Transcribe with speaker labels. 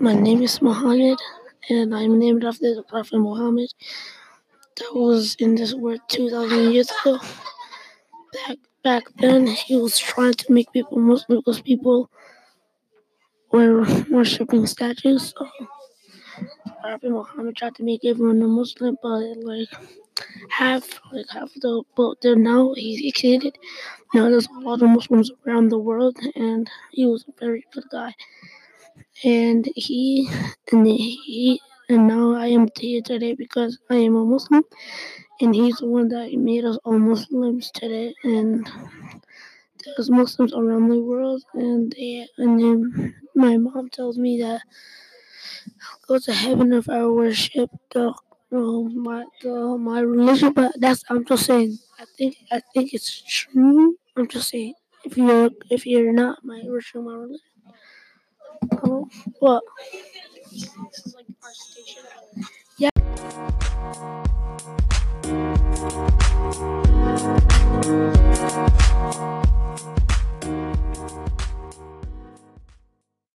Speaker 1: My name is Muhammad, and I'm named after the Prophet Muhammad that was in this world 2,000 years ago. Back back then, he was trying to make people Muslim because people were worshipping statues. So Prophet Muhammad tried to make everyone a Muslim, but like half, like half the but then now he succeeded. You there's a lot of Muslims around the world, and he was a very good guy. And he, and he, and now I am here today because I am a Muslim, and he's the one that made us all Muslims today. And there's Muslims around the world, and they, and then my mom tells me that I'll go to heaven if I worship the my my religion, but that's I'm just saying. I think I think it's true, I'm just saying, if you're if you're not my original mom, um, what?